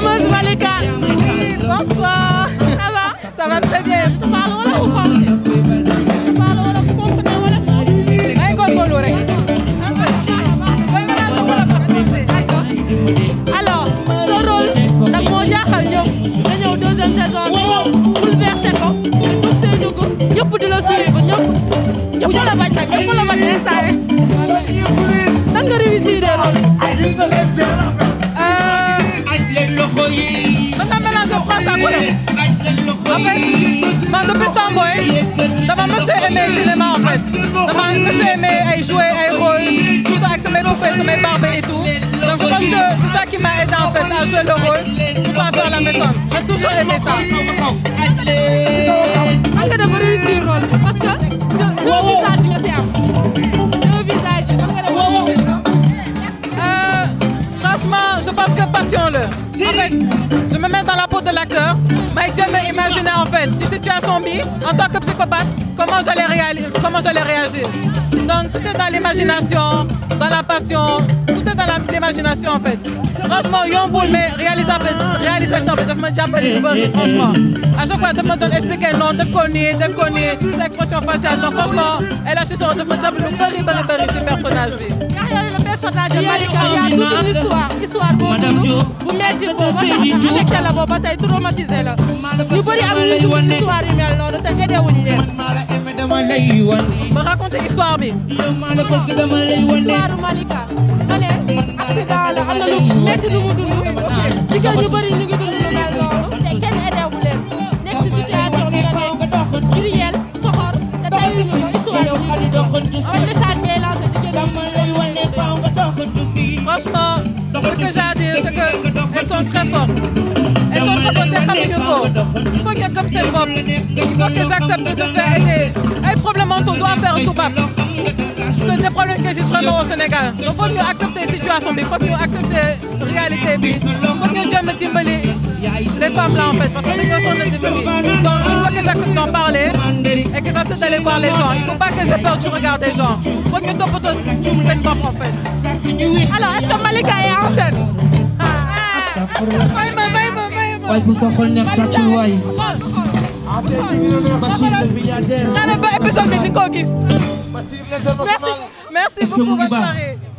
fameuse Malika. Bonsoir. Ça va Ça va très bien. Je parle wolof ou français man ma mélange France ak wolof en fait man depuis temps booy dama mësa aimé cinéma en fait dama mësa aimé ay jouer ay rôle surtout ak samay poupées samay barbe et tout donc je pense que c'est ça qui m'a aidé en fait à jouer le rôle surtout à faire la méchante j'ai toujours aimé ça en fait je me mets dans la peau de l'acteur may jéem a imaginer en fait ci situation bi en tant que psychopathe comment j'allais réaliser donc tout est dans l'imagination dans la passion tout est dans l'imagination en fait franchement yombul mais réalisateur réalisateur bi daf ma jàppale lu bëri franchement à chaque fois daf ma doon expliquer non daf ko nii daf ko nii sa expression faciale donc franchement El Hadj Cissokho daf personnage de Malika y a toute une histoire histoire boobu bu metti boobu ba tax la boobu ba tey noonu te edewuñu leen. ma raconté histoire bi. histoire Malika. ma ne accident la am na lu metti lu mu dund. jigéen ñu bëri ñu ngi franchement ce que j'ai à dire c'est que elles sont très fortes elles sont très fortes te xamuñu ko il faut que gëm seen bopp il faut qu'elles acceptent de se faire aider ay problèmes mentaux doit faire toubab c'est des problèmes qui existent vraiment au Sénégal donc faut que ñu accepter situation bi faut que ñu accepter réalité bi faut que ñu jéem a dimbali les femmes là en fait, parce qu'on est dans le développement. Donc il faut qu'elles acceptent d'en parler et qu'elles acceptent d'aller voir les gens. Il ne faut pas qu'elles aient peur du regard des gens. Il faut que nous topotos cette propre en fait. Alors, est-ce que Malika est en scène May ah, ma ah, may ah, ma may ma. waay bu sa xol neex tàccu waay. Bachir le milliardaire. Xanaa ba épisode bi di ko gis. Merci merci beaucoup votre soirée.